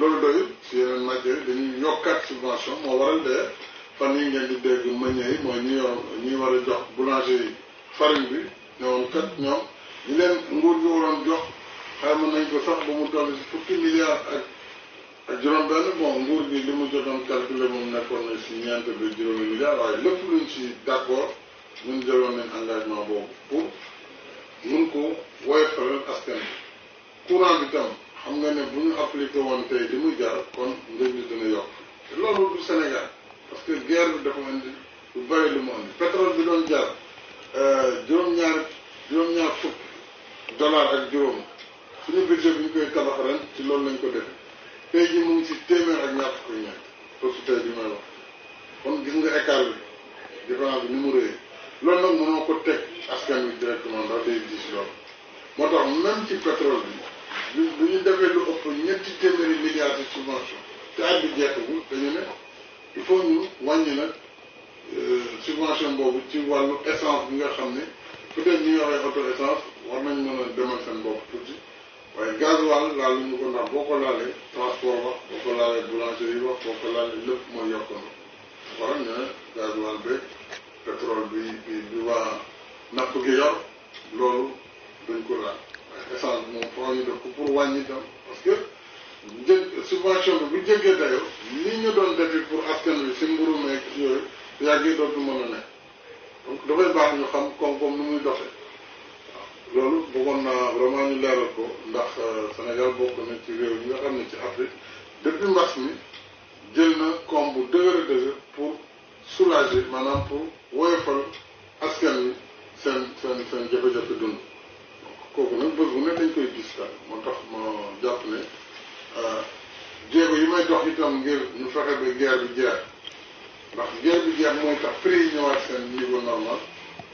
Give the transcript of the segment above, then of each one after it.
loolu doyul si yeneen matières dañuy yokkaat subvention moo waral de fan yi ngeen di dégg meññee yi mooy ñi yor war a jox boulanger yi farine bi ne woon kat ñoom ñi leen nguur gi waroon jox xayma nañ ko sax ba mu toll si fukki milliards ak ak juróom-benn bon nguur gi li mu jotoon calculer moom nekkoon na si ñeent ba juróomi milliards waaye lépp luñ si d'accord ñun jëloon nañ engagement boobu pour mun ko woyofalal askan bi courant bi tam. xam nga ne bu ñu appliqué woon tey li mu jar kon mbir mi dina yokk te loolu du bi dafa bëri lu mu indi pétrole bi doon jar euh, juróom-ñaar juróom dollar ak juróom suñu budget bi ñu koy tabax ci loolu lañ ko defee tey ji mu si téeméer ak ñaar fukk ñaar foofu tey bi may wax kon gis nga écart bi différence bi ni mu réyee loolu nag mënoo ko teg askan wi directement ndax day gis loolu moo tax même ci pétrole bi bu bu ñu defee lu ëpp ñetti téeméeri milliards de subvention te at bi jeexagul dañu ne il faut ñu wàññi euh, subvention boobu ci wàllu essence bi nga xam ne peut-être ñu yoree auto essence war nañ mën na demal seen bopp tuuti waaye gasoil laalu ñu ko ndax boo ko laalee transport wax boo ko laalee boulangerie wax boo ko laalee lépp mooy yokk na waral ñu ne gasoil bi bi bi waa napp gi yor loolu dañ ko laal waaye essence moom foo ñu def ko wàññi doon parce que jë subvention bi bu jéggee dayoo lii ñu doon defi pour askan wi si mburu meeg yooyu yaa ngi dootu mën a nekk dafay baax ñu xam koom-koom nu muy doxee loolu bëggoon naa vraiment ñu ko ndax euh, Sénégal bokk na ci réew yi nga xam ne ci Afrique depuis mbas mi jël na koom bu dëgër dëgër pour soulager maanaam pour woyofal askan bi seen seen seen jafe-jafe dund kooku nag bés bu ne dañ koy gis moo tax ma jàpp ne euh, jéego yi may dox itam ngir ñu fexe ba guerre bi jeex ndax guerre bi jeex mooy tax prix yi ñëwaat seen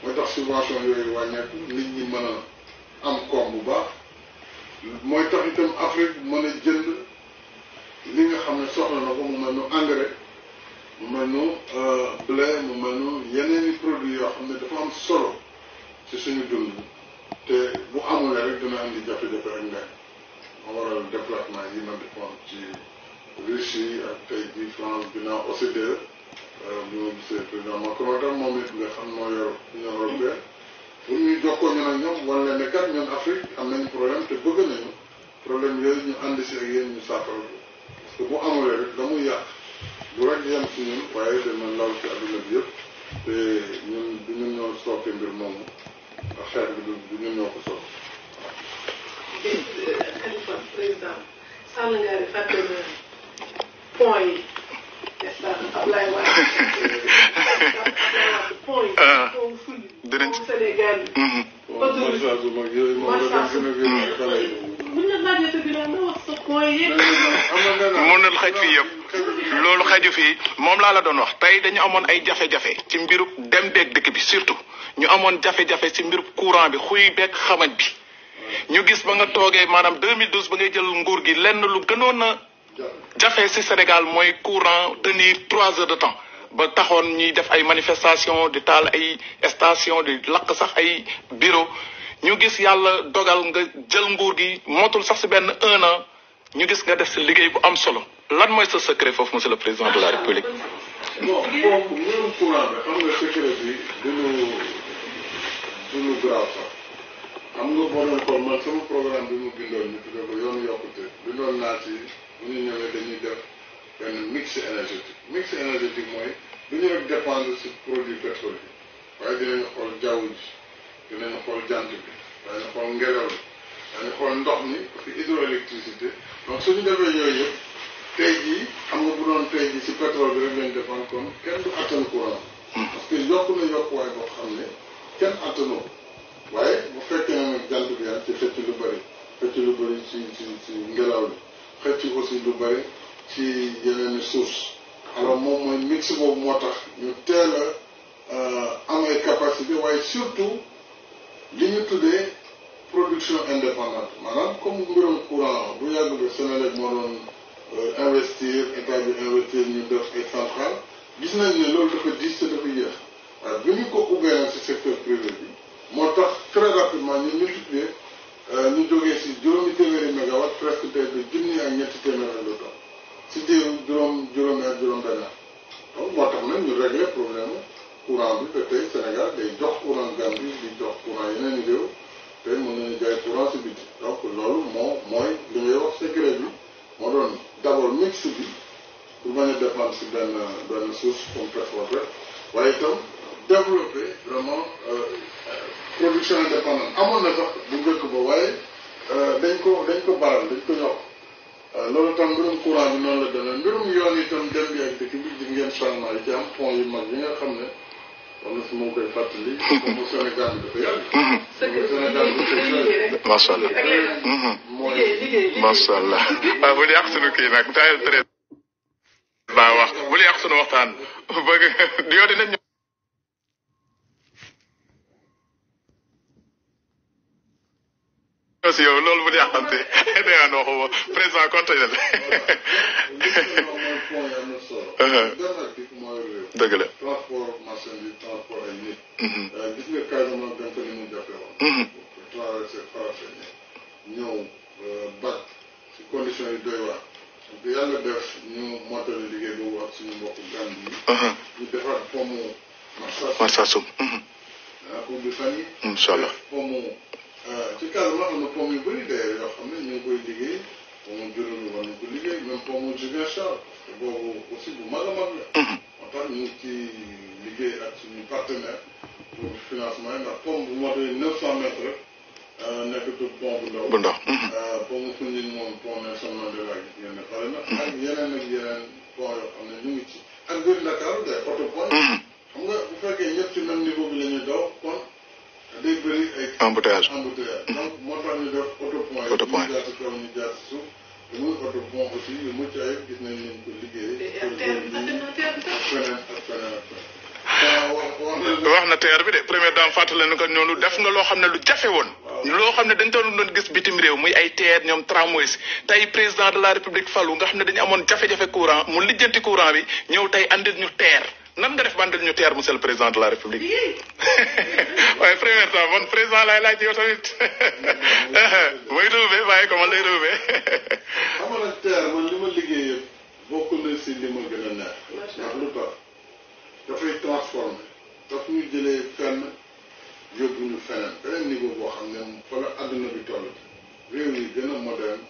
mooy tax subvention yooyu wàññeeku nit ñi mën a am koom bu baax mooy tax itam Afrique mën a jënd li nga xam ne soxla na ko mu mel nu engrais mu mel nu euh, blé mu mel nu yeneen i produits yoo xam ne dafa am solo ci suñu dund. te bu amul rek dina andi jafe-jafe ak ndey moo waral déplacement yi ma defoon ci Russie ak tey jii France ginnaaw OCDE euh, bu ma gisee président Macron tam moom it nga xam moo yor Union européenne ñu jokkoo nag ñoom wan leen ne kat ñun Afrique am nañu problème te bëgg nañu problème yooyu ñu ànd si ak ñu saafara parce que bu amulee rek damuy yàq bu rek yem si ñun waaye dana law si adduna bi yëpp te ñun du ñu ñoo sooke mbir moomu ndax xeex bi du mënul xaj fii yëpp loolu xaju fii moom laa la doon wax tey dañu amoon ay jafe-jafe ci mbiru dem déeg dëkk bi surtout ñu amoon jafe-jafe ci mbir courant bi xuy bekk xamaj bi ñu gis ba nga toogee maanaam 2012 ba ngay jël nguur gi lenn lu gënoon a jafe ci Sénégal mooy courant tenir trois heures de temps ba taxoon ñuy def ay manifestation di taal ay station di lakk sax ay bureau ñu gis yàlla dogal nga jël nguur gi motul sax ci benn un an ñu gis nga def ci liggéey bu am solo lan mooy sa secret foofu monsieur le président de la république. suñu garaaw sax xam nga boo doon man sama programme bi mu bindoon ñu tuddee ko yoonu yokkute bindoon naa ci bu ñu ñëwee dañuy def mix énergétique mix énergétique mooy du ñu rek dépendre si produit pétrole bi waaye dinañu xool jaww ji dinañu xool jant bi dinañu xool ngelaw bi dinañu xool ndox mi parce que hydroélectricité donc suñu defee yooyu yëpp tey jii xam nga bu doon tey jii si pétrole bi rek lañ dépendre kenn du attan courant parce que yokk na yokkuwaay boo xam ne attanoo waaye bu fekkee ne nag jant bi am ci xëcc lu bëri xëcc lu bëri ci ci ci ngelaw li xëcc aussi lu bëri ci yeneen source alors moom mooy mix moo tax ñu teel a euh, amee capacité waaye surtout li ñu tuddee production indépendante maanaam comme mbirum courant bu yàgg bi Senelec moo doon euh, investir état bi ñu def ay gis nañ ne loolu dafa diis te dafa yéex waaye bi ñu ko ubbee nag si secteur privé bi moo tax très rapidement ñu multiplier euh, ñu jógee si juróomi téeméeri mégawatt presque tey bi junni ak ñetti téeméer ak lu topp si diiru juróom juróomi ak juróom-benn donc moo tax nag ñu régler problème courant bi te tey Sénégal day jox courant Gambie di jox courant yeneen i réew te mën jaay courant si biti donc loolu moo mooy li ngay wax secret bi moo doon d' abord bi pour bañ a dépendre si benn source comme développer vraiment euh, euh, production indépendante amoon na sax bu njëkk ba waaye euh, dañ ko dañ ko baral dañ ko yokk loolu tam mbirum courant bi noonu la demee mbirum yoon itam dem bi ak dëkk bi di ngeen changement yi ci am pont yu mag yi nga xam ne am na su ma koy fàttali. comme bu Sénégal bi dafa yàgg. bu mhm. Sénégal bi dafa yàgg. macha allah. Mhm. mooy ak ah, sunu kii nag taayal ak sunu waxtaan bëgg yow dinañ. si yow bu yàqante danga ko si condition yi doy waar bi yàlla def ñu mottali liggéey boobu ak suñu mbokk Gàmbi yi ñu Euh, ci Casamance am na pomm yu bëri de yoo xam ne ñu ngi koy liggéey pomm juróom yi war nañu ko liggéey même pomm Ziguinchor te boobu aussi bu mag a mag la. Mhm. moo tax ñu liggéey ak suñu partenaire pour financement yi ndax pomm bu motee neuf cent mètres rek euh, nekkatul pont bu ndaw. fu ñu mhm. euh, moom pont Nelson Mandela gis ngeen ne pare na. Mhm. ak yeneen ak yeneen pont yoo xam ne ñu ngi ci. ak biir Dakar ci même niveau bi la ñuy embouteillage mhm. auto point wax na teer bi de première dame fàttali ne ko ñoonu def nga loo xam ne lu jafe woon loo xam ne dañ doon doon gis bitim réew muy ay teer ñoom tramways tey président de la république falu nga xam ne dañu amoon jafe-jafe courant mu lijjanti courant bi ñëw tey andil ñu teer nan nga def bandal ñu teer monsieur le président de la république waaye première temps man président laay laaj yow tamit mooy ruube bàyyi ko man lay ruube. xam nga nag li ma gën a neex. ndax lu tax dafay transformé daf ñu jëlee fenn yóbbu ñu feneen beneen niveau boo xam ne fa la bi toll réew yi gën a moderne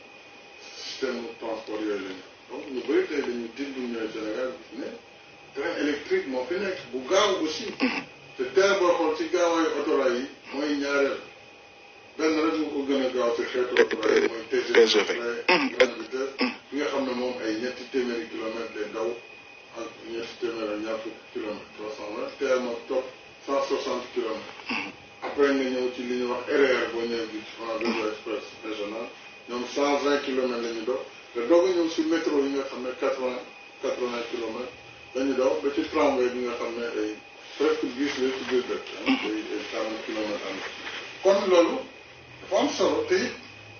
système transport yooyu lañu donc ñu bëri tey dañu tiit bu ñëwee Sénégal gis ne. train électrique moo fi nekk bu gaaw aussi te teel boo xool ci gaawaayu autorail yi mooy ñaareel benn rek mu ko gën a gaaw ci xeetu autorail mooy TGV grande vitesse bi nga xam ne moom ay ñetti téeméeri kilomètres lay daw ak ñetti téeméer ak ñaar fukki kilomètres trois cent vingt teel ma topp cent soixante kilomètres après nga ñëw ci li ñuy wax RER boo ñëwee bi France Réseau Express régional ñoom cent vingt kilomètres te doog a ñëw si métro yi nga xam ne quatre quatre vingt kilomètres dañuy daw ba ci tramway bi nga xam ne ay presque dix la ci biir dëkk ah, ay ay quarante kilomètres am kon loolu dafa am solo te it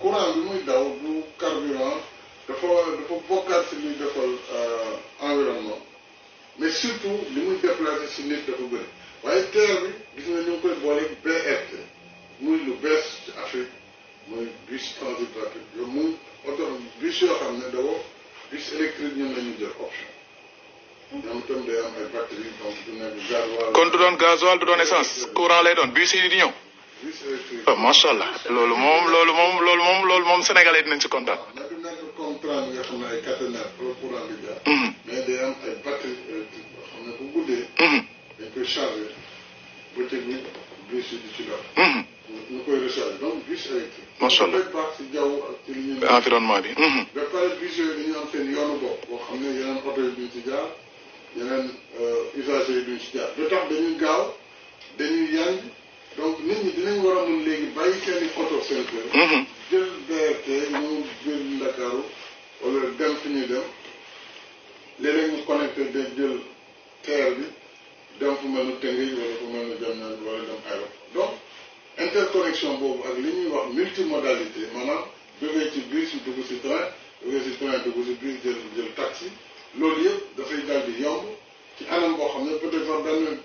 courant bi muy daw du carburant dafa dafa bokkaat si luy defal euh, environnement mais surtout li muy déplacé si nit dafa bëri waaye terre bi gis nga ñu ngi koy boole BRT muy lu bees ci Afrique muy bus transit rapide yooyu muy oto bus yoo xam ne d'abord bus électrique ñu jël option kon du doon gasoil du doon essence courant lay doon bus yi di ñëw. waaw oh, macha allah loolu moom loolu moom loolu moom loolu moom sénégalais dinañ ci kontaan. Hmm. Hmm. Hmm. macha allah environnement bi. ba pare bus yooyu dañuy am seen yoonu bopp boo xam ne yeneen oto yi duñ ci jaar. yeneen euh, usagers yi duñ ci jaar lu tax dañuy gaaw dañuy yàgg donc nit ñi dinañ war a mun léegi bàyyi seen i oto seen kër. Mm-hmm. jël BRT ñu jël Ndakaaru wala dem fi ñuy dem léeg ñu connecté de jël TER bi dem fu mel ni Tëngéej wala fu mel ni Diamniadio dem aéroport donc interconnexion boobu ak li ñuy wax multimodalité maanaam jógee ci bus dugg si train jógee si train dugg si bus jël jël taxi. loolu yëpp dafay dal yomb ci anam boo xam ne peut-être benn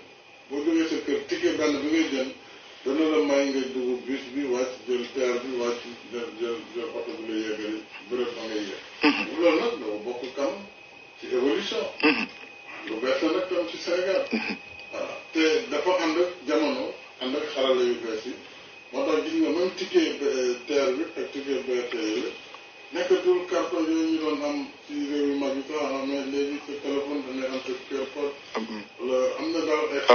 boo jógee sa kër ticket benn bi ngay jël dana la may nga dugg bus bi wàcc jël teer bi wàcc jël jël jël oto bi la yeggale bërëb ba ngay yegg. Mhm. loolu nag dafa bokk kam ci évolution. Mhm. lu bees la nag tam ci Sénégal. Mhm. voilà te dafa ànd ak jamono ak xarala yu bees yi moo tax gis nga même ticket euh, teer bi ak ticket BRT yi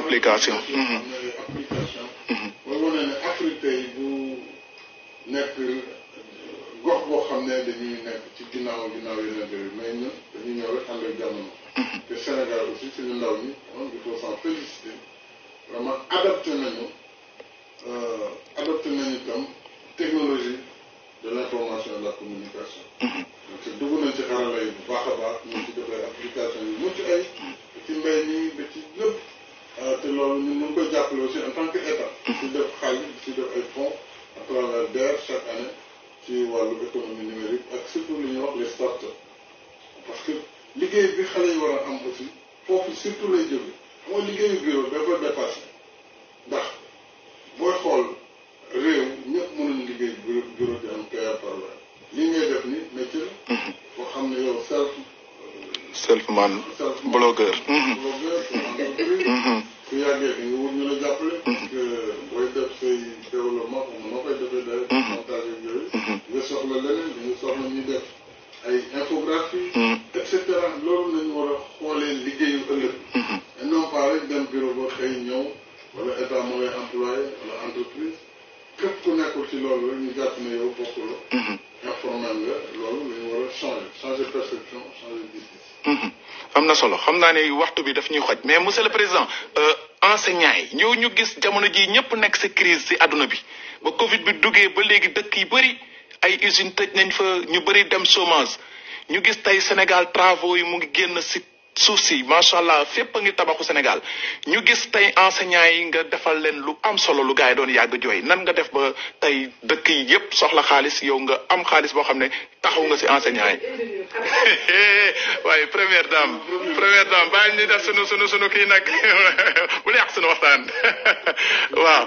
application. Mm-hmm. Mm-hmm. loolu ne ne Afrique bu nekk gox boo xam ne dañuy nekk ci ginnaaw ginnaaw yeneen réew mais ñun dañuy ñëw rek ànd ak mm-hmm. te Sénégal aussi suñu ndaw ñi on il faut s'en féliciter vraiment adapté nañu. wàllu économie numérique ak parce que liggéey bi xale yi war am aussi foofu surtout lay jóge mooy liggéeyu bureau dafa dépassé ndax booy xool réew ñëpp mënuñ liggéey bureau bureau di am payeur par weer lii ngay def ni métier mhm. boo xam ne yow self self man blogueur mhm. wala mm. loolu lañ war a xoolee liggéeyu ëllëg mm-hmm. et non pas rek dem bureau ba xëy ñëw wala état moo lay employé entreprise képp ku nekkul ci loolu rek ñu jàpp ne yow bokkuloo mm-hmm. informel mm-hmm. am na solo xam naa ni waxtu bi daf ñuy xoj mais monsieur le président euh, enseignant ñëw ñu gis jamono ji ñëpp nekk si crise si àdduna bi ba covid bi duggee ba léegi dëkk yi bari ay usine tëj nañ fa ñu bëri dem chômage ñu gis tey Sénégal travaux yi mu ngi génn si suuf si macha allah fépp a ngi tabaxu Sénégal ñu gis tey enseignants yi nga defal leen lu am solo lu gars yi doon yàgg jooy nan nga def ba tey dëkk yi yépp soxla xaalis yow nga am xaalis boo xam ne taxaw nga si enseignants yi waaye première dame première dame bàyyi ñu def sunu sunu kii nag bu yàq sunu waxtaan waaw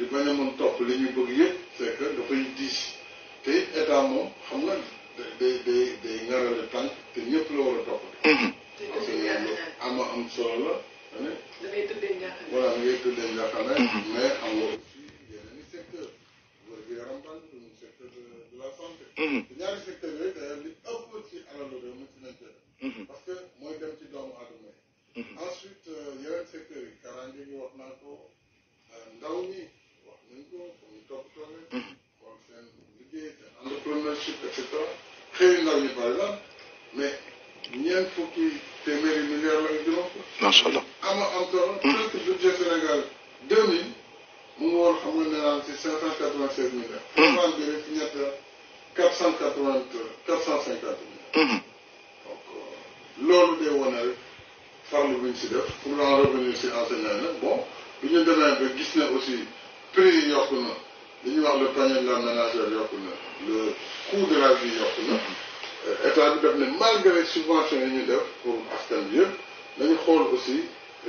di bañ a mën topp li ñu bëgg yëpp c'est que dafay diis te état moom xam nga day day day ngarale tànk te ñëpp la war a topp. Mhm. parce que loolu am am solo la. da ngay tëddee njàqare voilà da ngay tëddee njàqare mhm. mais am bi na li ñuy wax le panier la ménagère yokku na le coût de la vie yokku na euh, état bi def ne malgré subvention yi ñu def pour askan bi yëpp dañu xool aussi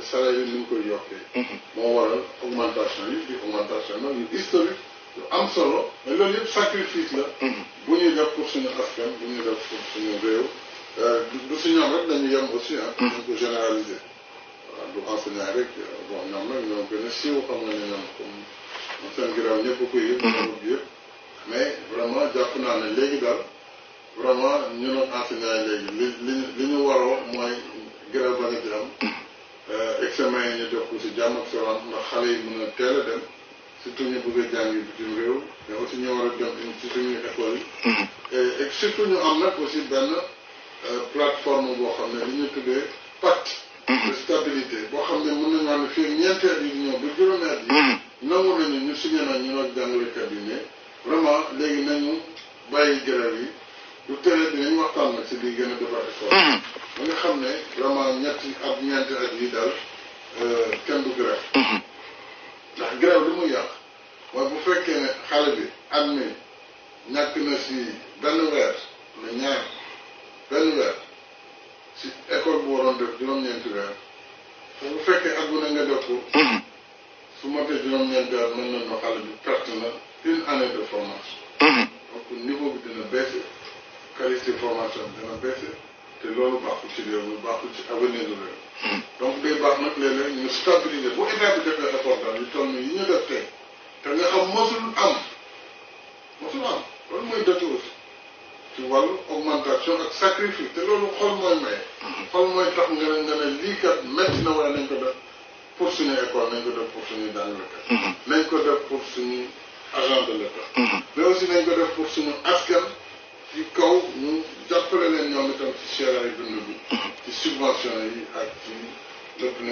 salaire yi ni ñu koy yokkee mhm. moo waral augmentation yi di augmentation nag yu historique lu am solo mais loolu yëpp sacrifice la mhm. bu ñuy def pour suñu askan bu ñuy def pour suñu réew euh, du suñu am rek dañu yem aussi ah mhm. dañ ko généraliser duxaase naa rek bon ñoom nag ñoo gën a siiw xam nga ne ñoom comme a koy mhm. naa ne léegi daal vraiment li li li ñu waroo mooy ci am euh, examen yi ñu jox ko si jàmm ak salaam ndax yi mën a teel a mhm. benn euh, plateforme boo xam ne li ñu tuddee pacte Mm-hmm. stabilité boo xam ne mën nañu wax ne fii ñeenti at yi ñëw ba juróomi at yi mm-hmm. nangu nañu ñu signé na ñu nag jàngalekat yi ne vraiment léegi nañu bàyyi grève yi du tere dinañ waxtaan nag si lii gën a defar école mm-hmm. ba nga xam ne vraiment ñetti at ñeenti at yi daal euh, kenn du grève ndax grève lu mu yàq waaye bu fekkee ne xale bi at mi ñàkk na si benn weer la ñaar benn weer ci école bu waroon def juróom-ñeenti weer te bu a at bu nga def ko. Mm-hmm. su motee juróom-ñeenti weer mën nañu xale bi perte na une année de formation. Mm-hmm. donc niveau bi dina baissé qualité formation bi dina baissé te loolu a ci réew mi baaxul ci a du réew. Mm-hmm. donc day baax nag léeg-léeg ñu stabiliser bu état bi defee effort daal yu toll nii yi ñu def tey te nga xam mosul am mosul am loolu mooy dëkk aussi. ci wàllu augmentation ak sacrifice te loolu xol mooy may xol mooy tax nga na lii kat métti na waaye nañ ko def pour suñu école nañ ko def pour suñu jàngalekat mhm. nañ ko def pour suñu agent de l'État mhm. mais aussi nañ ko def pour suñu askan ci kaw ñu jàppale leen ñoom itam ci cher ay dund bi mhm. ci subvention yi ak ci lépp li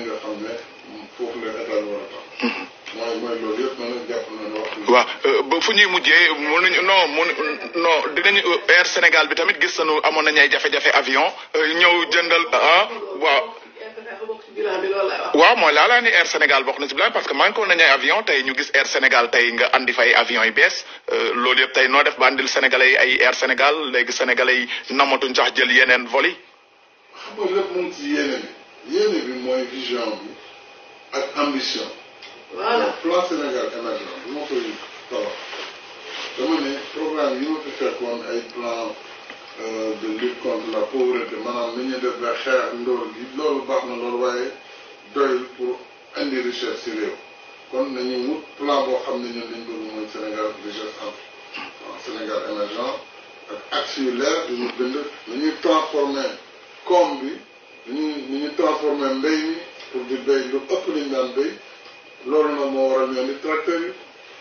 mhm. euh, fu ñuy mujjee mënuñu non mënu non dinañu euh, Air Sénégal bi tamit gis nañu amoon nañu ay jafe-jafe avion euh, ñëw jëndal a ah, waaw. waaw mooy laalaa Air Sénégal bokk na ci bilan parce que manqué woon nañu ay avion tey ñu gis Air Sénégal tey nga andi fa ay avions yu bees loolu yëpp tey noo def ba andil sénégalais ay Air Sénégal léegi sénégalais yi namatuñ sax jël yeneen vol yéene bi mooy vision bi ak ambition. voilà plan Sénégal émergent bi ma programme yi ma fi fekkoon plan euh, de lutte contre la pauvreté maanaam li ñu def ba xeex ndóol gi loolu baax na loolu waaye doyul pour indi richesse ci réew kon plan boo xam ne ñun liñ Sénégal richesse en waaw Sénégal émergent ak axe yu leer yu ñu bind nañuy bi ñu ñu ñu transformé mbéy mi pour di béy lu ëpp li ñu daan béy loolu nag moo waral ñoo ni tracteur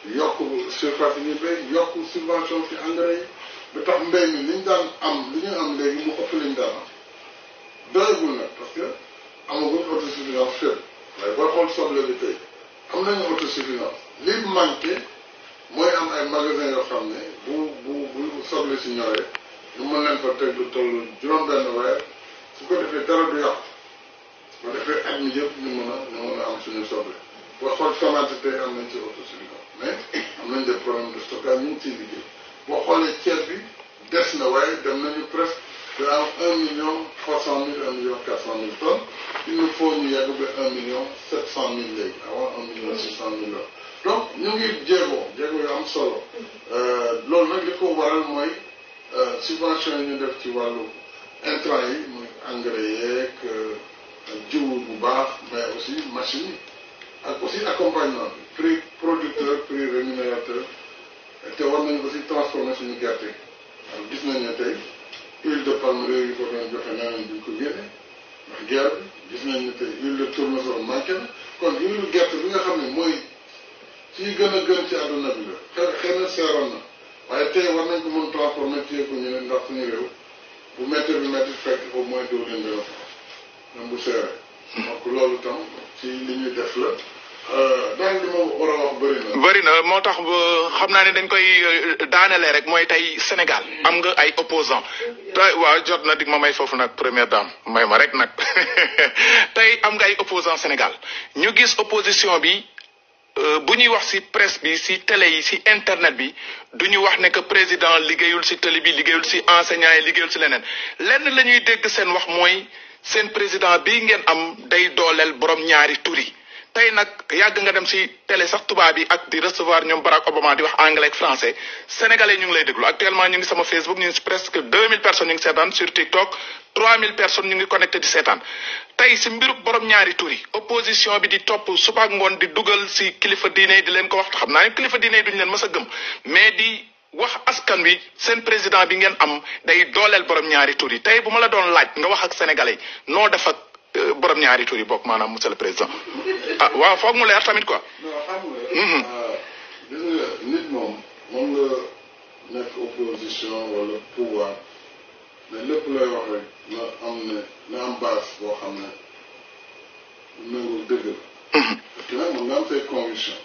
yi yokk surface yi ñu béy yokk subvention ci engrais yi ba tax mbéy mi li ñu daan am li ñu am léegi mu ëpp li daan am doyagul nag parce que amagul autosuffisance fépp waaye booy xool soble bi tey am nañu autosuffisance li manqué mooy am ay magasin yoo xam ne bu bu bu soble si ñoree ñu mën leen fa teg lu toll juróom-benn weer su ko defee dara du yàqu ma defee at mi yëpp ñu mën a ñu mën a am suñu soble boo xool tomate tey am nañ ci autosuffisance mais am nañ des problèmes de stockage ñu ngi ciy liggéey boo xoolee ceeb bi des na waaye dem nañu presque de am un million trois cent mille million quatre cent mille tonnes il nous faut ñu yegg ba un million sept cent mille léegi avant un million six cent donc ñu ngi jéego jéego yu solo euh, loolu nag li ko waral mooy euh, subvention yi ñu def ci wàllu intrant yi engrais yeeg euh, jiwu bu baax mais aussi machine yi ak aussi accompagnement bi prix producteur prix rémunérateur te war nañu aussi transformer suñu gerte gis nañ ne tey huile de palme réew yi ko doon joxe naa leen duñ ko génne ndax gis nañ tey huile de tournesol manqué na kon huile gerte bi nga xam ne mooy ci gën a gën ci àdduna bi la xëy na seeroon na waaye tey war nañ ko mën transformer téye ko ñu ne ndax suñu réew bu euh, na. moo tax xam naa ne dañ koy euh, daanale rek mooy tey Sénégal mm. am nga ay opposants tey waaw jot na dig ma may foofu nag première dame may ma rek nag tey am nga ay opposants Sénégal ñu gis opposition bi. Euh, bu ñuy wax ci presse bi ci télé yi ci internet bi du ñu wax ne que président liggéeyul ci télé bi liggéeyul ci enseignant yi liggéeyul ci leneen lenn la ñuy dégg seen wax mooy seen président bi ngeen am day dooleel borom ñaari tur yi tey nag yàgg nga dem si télé sax tubaab yi ak di recevoir ñoom Barack Obama di wax anglais ak français sénégalais ñu ngi lay déglu actuellement ñu ngi sama Facebook ñu ngi si presque 2000 personnes ñu ngi seetaan sur TikTok 3000 personnes ñu ngi connecté di seetaan tey si mbirub borom ñaari tur yi opposition bi di topp suba ak ngoon di dugal si kilifa diine di leen ko wax xam naa ne kilifa diine duñu leen mës a gëm mais di. wax askan bi seen président bi ngeen am day dooleel borom ñaari tur yi tey bu ma la doon laaj nga wax ak sénégalais noo def ak borom ñaari tur yi bokk maanaam monsieur le président ah waaw foog mu leer tamit quoi. non xam nga. Mhm. Ah, nit moom moom nga nekk opposition wala pouvoir mais lépp lay wax rek na am ne na am base boo xam ne nangu dëgg la. Mhm. parce que nag mën nga am say conviction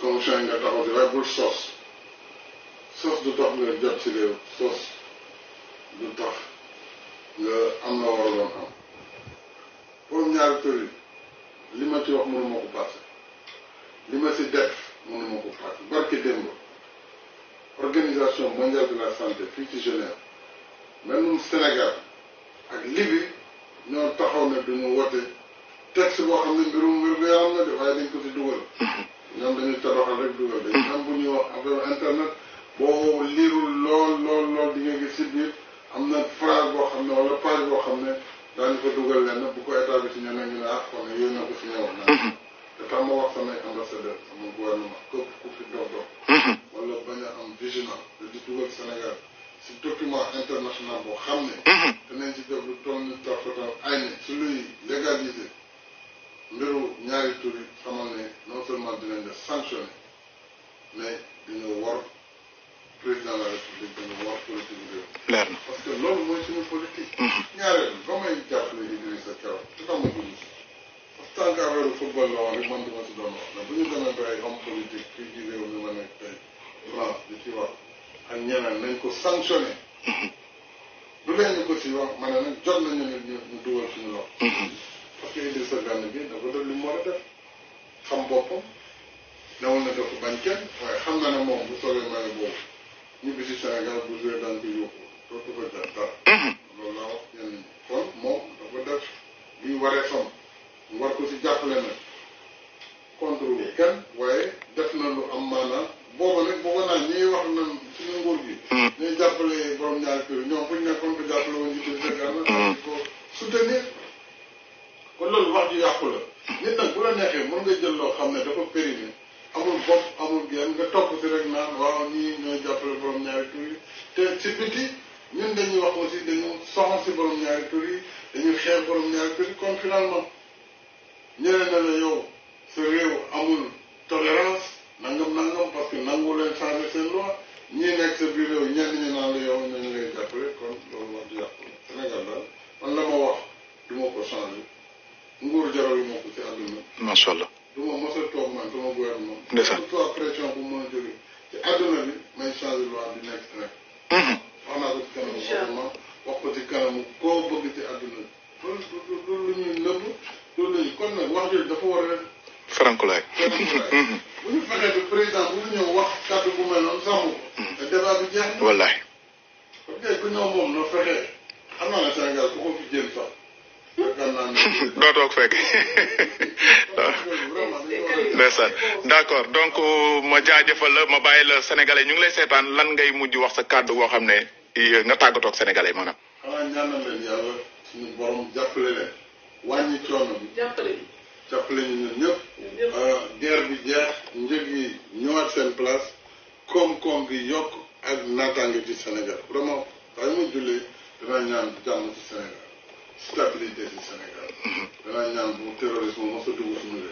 conviction yi nga taxaw di waaye bul sos sos du tax nga jot ci réew sos du tax nga am na war a doon am. borom ñaari tur li ma ci wax mënu ko passé li ma ci def mënu ma ko passé barke démb organisation mondiale de la santé fii ci Genève même Sénégal ak Libye ñoo taxaw ne duñu wote texte boo xam ne mbirum wér gu yaram la de waaye dañ ko si dugal ñoom dañuy tabaxal rek dugal dañ même bu ñuy wax internet boo liirul lool lool lool di nga gis si biir am na phrase boo xam ne wala page boo xam ne daañu ko dugal leen nag ko état bi si ne ñu ne ah kon yooyu na ko si ñëwoon naa. ma wax samay ambassadeur sama gouvernement ku fi dox dox. Mhm. wala am vigilant da di dugal si document international boo xam ne. Mhm. danañ ci def lu ay na si luy légaliser mbiru ñaari tur yi xamal ne non seulement dinañ def sanctionné mais dina war. président de la république dañu war politique bi leer na parce que loolu mooy suñu politique mhm. ñaareel ba may jàppale Idrissa Keroog te tax ma dugg si parce que tant que affaire football la woon rek man dama si doon wax ne bu ñu demee na ay homme politique fii ci réew mi ma nekk tey France di ci wax ak ñeneen nañ ko sanctionné mhm. du leen ko si wax ma ne nag jot nañu ne ñu dugal suñu loxo mhm. parce que Idrissa Gana bi dafa def li mu war a def xam boppam newul na dafa bañ kenn waaye xam na ne moom bu so ma ne boobu ñibbi si Sénégal bu joué daan bi yóbbu dootu ko jar dara. Mhm. loolu laa wax ñenn ñi kon moom dafa def luy waree som ñu war ko si jàppale nag contre kenn waaye def na lu am maanaam booba nag booba naa ñuy wax nan suñu nguur gi. Mhm. ñuy jàppale borom ñaari kër ñoom fu ñu nekkoon ko jàppale woon ñu ko Sénégal na mhm. ko soutenir kon loolu wax ju yàqu la nit nag bu la neexee mën nga jël loo xam ne dafa périmé amul bopp amul genn nga nekk si biti ñun dañuy wax aussi dañu soxla borom ñaari tur yi dañuy borom ñaari tur yi kon finalement ñeneen na la yow sa réew amul tolérance nangam nangam parce nangu leen changer seen loi ñii nekk sa biir réew ñenn ñi naan la yow nañu lay jàppale kon loolu moo di yàqu Sénégal daal man la wax du ma ko changer nguur jaral moo ko si àdduna. macha allah du ma mos a toog man sama gouvernement. ndeysaan surtout pression bu mën a jóge ci àdduna bi may changer wax naa dafa war a farankulaay bu ñu fexee bi président bu wax kàddu bu moom na fexee xam naa ne Sénégal ku ko dootoo ko fekk ndeysaan d'accord donc ma jaajëfal la ma bàyyi la sénégalais ñu ngi lay seetaan lan ngay mujj wax sa kàddu boo xam ne eh, nga tàggatoog sénégalais maanaam. xanaa ñaanal jàppale leen wàññi coono bi jàppale jàppale ñu ñun ah, seen place koom-koom bi yokk ak naataange ci Sénégal vraiment saa yu ma jullee dinaa ñaan jàmm ci Sénégal stabilité du Sénégal. danaa ñaan bu terrorisme mos a dugg suñu